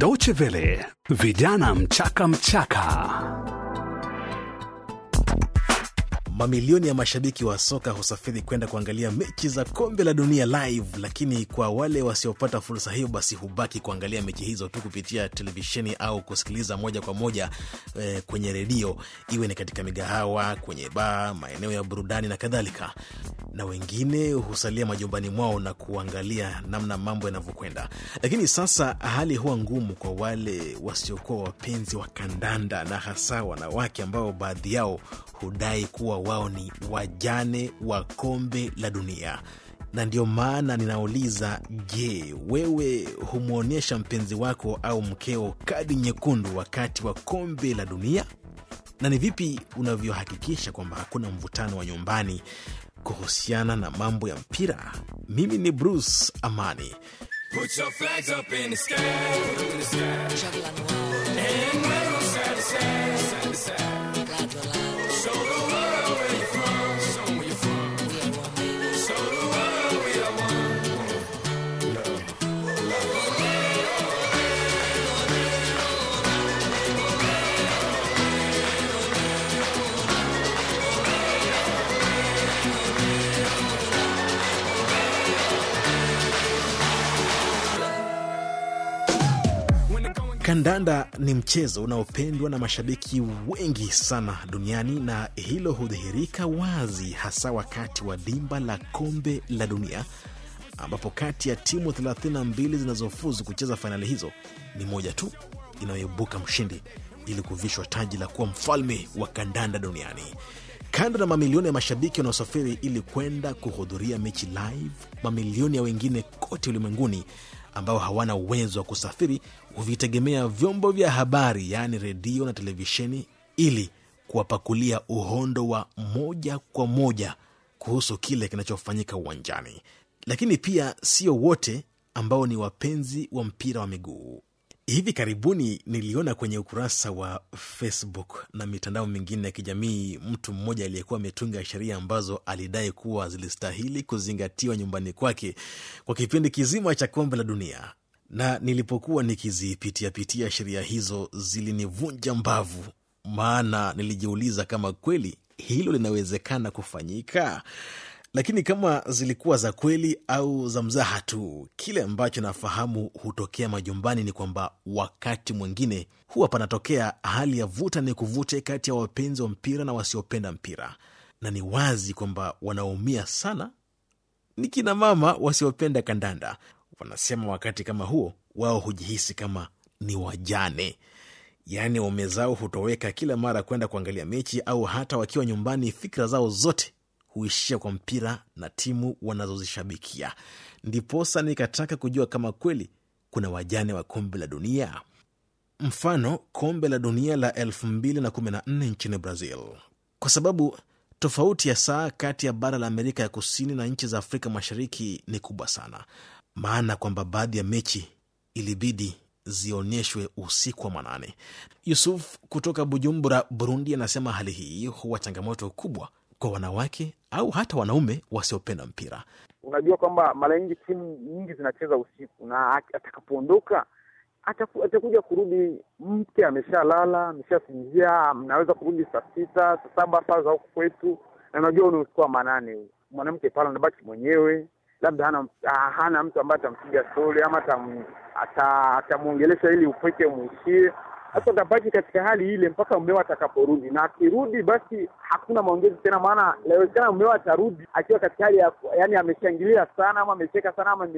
Deutsche Welle, vijana mchaka mchaka. Mamilioni ya mashabiki wa soka husafiri kwenda kuangalia mechi za kombe la dunia live, lakini kwa wale wasiopata fursa hiyo, basi hubaki kuangalia mechi hizo tu kupitia televisheni au kusikiliza moja kwa moja eh, kwenye redio, iwe ni katika migahawa, kwenye baa, maeneo ya burudani na kadhalika. Na wengine husalia majumbani mwao na kuangalia namna mambo yanavyokwenda. Lakini sasa hali huwa ngumu kwa wale wasiokuwa wapenzi wa kandanda, na hasa wanawake ambao baadhi yao hudai kuwa wao ni wajane wa kombe la dunia. Na ndio maana ninauliza, je, wewe humwonyesha mpenzi wako au mkeo kadi nyekundu wakati wa kombe la dunia? Na ni vipi unavyohakikisha kwamba hakuna mvutano wa nyumbani kuhusiana na mambo ya mpira? Mimi ni Bruce Amani. Put your flags up in the sky, in the sky. Kandanda ni mchezo unaopendwa na mashabiki wengi sana duniani na hilo hudhihirika wazi hasa wakati wa dimba la kombe la dunia ambapo kati ya timu 32 zinazofuzu kucheza fainali hizo ni moja tu inayoibuka mshindi ili kuvishwa taji la kuwa mfalme wa kandanda duniani. Kando na mamilioni ya mashabiki wanaosafiri ili kwenda kuhudhuria mechi live, mamilioni ya wengine kote ulimwenguni ambao hawana uwezo wa kusafiri huvitegemea vyombo vya habari, yaani redio na televisheni, ili kuwapakulia uhondo wa moja kwa moja kuhusu kile kinachofanyika uwanjani. Lakini pia sio wote ambao ni wapenzi wa mpira wa miguu Hivi karibuni niliona kwenye ukurasa wa Facebook na mitandao mingine ya kijamii mtu mmoja aliyekuwa ametunga sheria ambazo alidai kuwa zilistahili kuzingatiwa nyumbani kwake kwa kipindi kizima cha kombe la dunia, na nilipokuwa nikizipitiapitia sheria hizo zilinivunja mbavu, maana nilijiuliza kama kweli hilo linawezekana kufanyika lakini kama zilikuwa za kweli au za mzaha tu. Kile ambacho nafahamu hutokea majumbani ni kwamba wakati mwingine huwa panatokea hali ya vuta ni kuvute kati ya wapenzi wa mpira na wasiopenda mpira, na ni wazi kwamba wanaumia sana ni kina mama wasiopenda kandanda. Wanasema wakati kama huo wao hujihisi kama ni wajane, yaani waume zao hutoweka kila mara kwenda kuangalia mechi, au hata wakiwa nyumbani, fikra zao zote huishia kwa mpira na timu wanazozishabikia. Ndiposa nikataka kujua kama kweli kuna wajane wa kombe la dunia. Mfano, kombe la dunia la 2014 nchini Brazil, kwa sababu tofauti ya saa kati ya bara la Amerika ya Kusini na nchi za Afrika Mashariki ni kubwa sana, maana kwamba baadhi ya mechi ilibidi zionyeshwe usiku wa manane. Yusuf kutoka Bujumbura, Burundi, anasema hali hii huwa changamoto kubwa kwa wanawake au hata wanaume wasiopenda mpira. Unajua kwamba mara nyingi timu nyingi zinacheza usiku, na atakapoondoka atakuja kurudi mke ameshalala, ameshasinzia. Mnaweza kurudi saa sita, saa saba, saa za huku kwetu, na unajua ni usiku wa manane, mwanamke pale anabaki mwenyewe, labda hana, ah, hana mtu ambaye atampiga stori ama atamwongelesha ili upweke mwishie. Sasa utabaki katika hali ile mpaka mmewa atakaporudi, na akirudi basi hakuna maongezi tena, maana inawezekana mmeo atarudi akiwa katika hali ya ameshangilia sana ama amecheka sana ama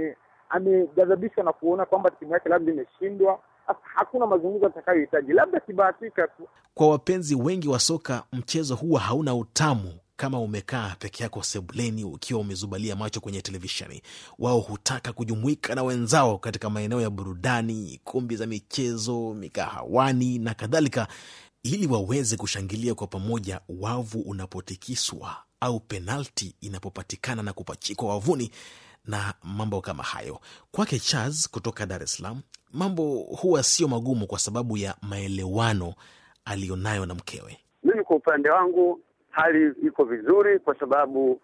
amejadhabishwa na kuona kwamba timu yake labda imeshindwa. hakuna mazungumzo atakayohitaji, labda akibahatika tu. Kwa wapenzi wengi wa soka, mchezo huwa hauna utamu kama umekaa peke yako sebuleni ukiwa umezubalia macho kwenye televisheni. Wao hutaka kujumuika na wenzao katika maeneo ya burudani, kumbi za michezo, mikahawani na kadhalika, ili waweze kushangilia kwa pamoja wavu unapotikiswa au penalti inapopatikana na kupachikwa wavuni na mambo kama hayo. Kwake Charles kutoka Dar es Salaam, mambo huwa sio magumu kwa sababu ya maelewano aliyonayo na mkewe. Mimi kwa upande wangu hali iko vizuri kwa sababu uh,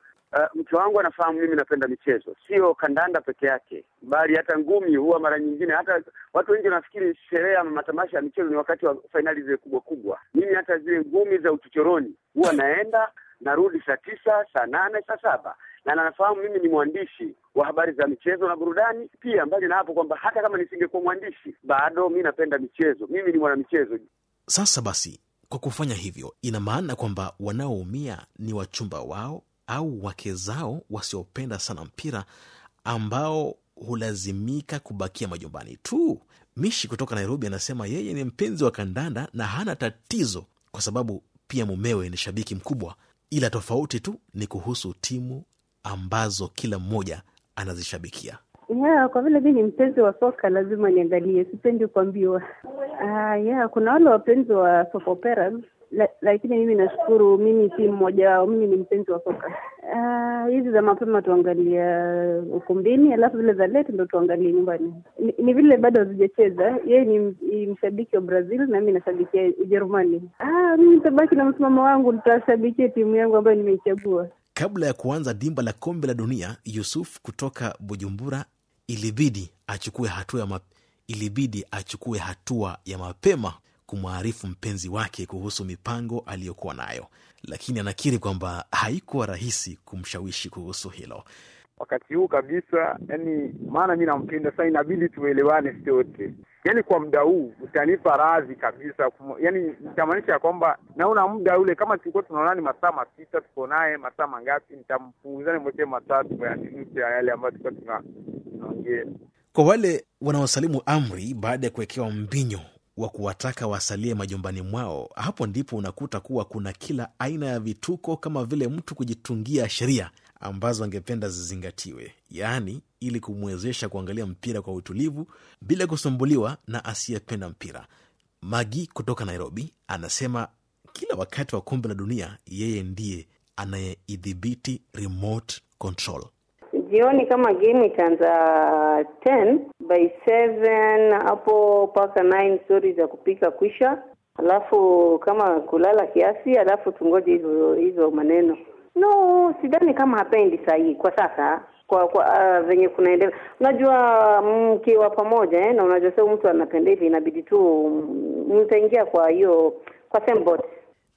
mke wangu anafahamu mimi napenda michezo, sio kandanda peke yake, bali hata ngumi. Huwa mara nyingine, hata watu wengi wanafikiri sherehe ama matamasha ya michezo ni wakati wa fainali zile kubwa kubwa. Mimi hata zile ngumi za uchochoroni huwa naenda narudi saa tisa, saa nane, saa saba na nafahamu mimi ni mwandishi wa habari za michezo na burudani pia. Mbali na hapo kwamba hata kama nisingekuwa mwandishi bado mi napenda michezo, mimi ni mwanamichezo. Sasa basi, kwa kufanya hivyo, ina maana kwamba wanaoumia ni wachumba wao au wake zao wasiopenda sana mpira ambao hulazimika kubakia majumbani tu. Mishi kutoka Nairobi anasema yeye ni mpenzi wa kandanda na hana tatizo kwa sababu pia mumewe ni shabiki mkubwa, ila tofauti tu ni kuhusu timu ambazo kila mmoja anazishabikia. Yeah, kwa vile mi ni mpenzi wa soka lazima niangalie, sipendi kuambiwa. Ah, yeah, kuna wale wapenzi wa soap operas lakini mimi nashukuru, mimi si mmoja wao. Mimi ni mpenzi wa soka. Ah, hizi uh, za mapema tuangalia uh, ukumbini, alafu zile za late ndo tuangalie nyumbani. Ni, ni vile bado hazijacheza. Yeye ni mshabiki wa Brazil na mimi nashabikia Ujerumani. Ah, mimi nitabaki na msimamo wangu, nitashabikia timu yangu ambayo nimeichagua. Kabla ya kuanza dimba la kombe la dunia, Yusuf kutoka Bujumbura ilibidi achukue hatua ya map... ilibidi achukue hatua ya mapema kumwarifu mpenzi wake kuhusu mipango aliyokuwa nayo, lakini anakiri kwamba haikuwa rahisi kumshawishi kuhusu hilo wakati huu kabisa. Yani maana mi nampenda sa inabidi tuelewane sote. Yani kwa muda huu utanipa radhi kabisa, yani nitamaanisha ya kwamba naona muda ule, kama tulikuwa tunaonani masaa masita, tuko naye masaa mangapi, nitampunguzani mote matatu ya yale ambayo tulikuwa tuna kwa wale wanaosalimu amri baada ya kuwekewa mbinyo wa kuwataka wasalie majumbani mwao, hapo ndipo unakuta kuwa kuna kila aina ya vituko, kama vile mtu kujitungia sheria ambazo angependa zizingatiwe, yaani ili kumwezesha kuangalia mpira kwa utulivu bila kusumbuliwa na asiyependa mpira. Magi kutoka Nairobi anasema kila wakati wa kombe la dunia yeye ndiye anayeidhibiti remote control jioni kama game itaanza 10 by 7 hapo mpaka 9 stori za kupika kwisha, alafu kama kulala kiasi, alafu tungoje hizo hizo maneno. No, sidhani kama hapendi sahii kwa sasa kwa kwa uh, venye kunaendelea, unajua mm, mkiwa pamoja eh, na unajua sio mtu anapenda hivi, inabidi tu mm, mtaingia kwa hiyo kwa same boat.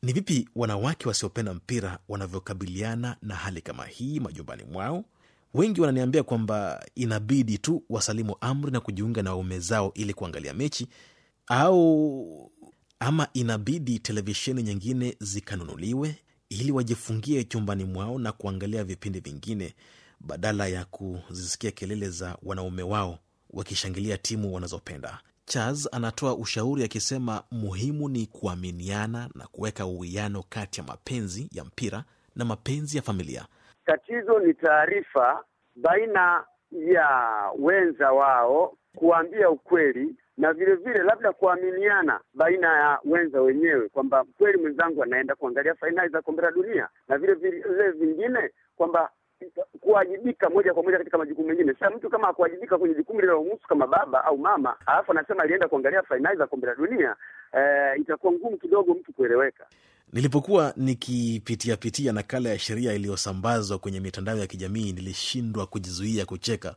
Ni vipi wanawake wasiopenda mpira wanavyokabiliana na hali kama hii majumbani mwao? Wengi wananiambia kwamba inabidi tu wasalimu amri na kujiunga na waume zao ili kuangalia mechi au ama inabidi televisheni nyingine zikanunuliwe ili wajifungie chumbani mwao na kuangalia vipindi vingine badala ya kuzisikia kelele za wanaume wao wakishangilia timu wanazopenda. Charles anatoa ushauri akisema, muhimu ni kuaminiana na kuweka uwiano kati ya mapenzi ya mpira na mapenzi ya familia. Tatizo ni taarifa baina ya wenza wao kuambia ukweli na vile vile labda kuaminiana baina ya wenza wenyewe kwamba kweli mwenzangu anaenda kuangalia fainali za kombe la dunia, na vile vile vingine kwamba kuwajibika moja kwa moja katika majukumu mengine. Sasa mtu kama hakuwajibika kwenye jukumu linalomhusu kama baba au mama, alafu anasema alienda kuangalia fainali za kombe la dunia, e, itakuwa ngumu kidogo mtu kueleweka. Nilipokuwa nikipitia pitia nakala ya sheria iliyosambazwa kwenye mitandao ya kijamii, nilishindwa kujizuia kucheka.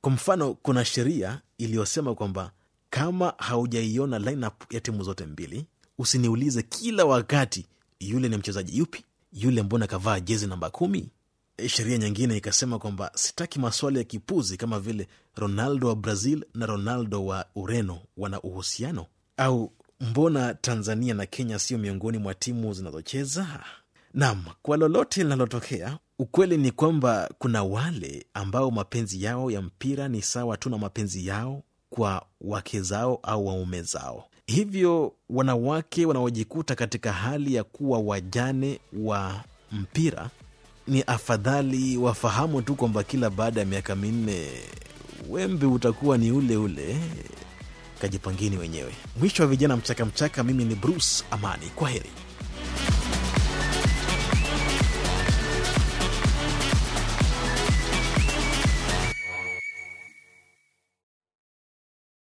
Kwa mfano, kuna sheria iliyosema kwamba kama haujaiona lineup ya timu zote mbili, usiniulize kila wakati, yule ni mchezaji yupi, yule mbona kavaa jezi namba kumi. E, sheria nyingine ikasema kwamba sitaki maswali ya kipuzi kama vile Ronaldo wa Brazil na Ronaldo wa Ureno wana uhusiano, au mbona Tanzania na Kenya sio miongoni mwa timu zinazocheza? Naam, kwa lolote linalotokea, ukweli ni kwamba kuna wale ambao mapenzi yao ya mpira ni sawa tu na mapenzi yao kwa wake zao au waume zao. Hivyo wanawake wanaojikuta katika hali ya kuwa wajane wa mpira, ni afadhali wafahamu tu kwamba kila baada ya miaka minne wembe utakuwa ni ule ule kajipangeni wenyewe. Mwisho wa vijana mchaka mchaka, mimi ni Bruce Amani, kwa heri.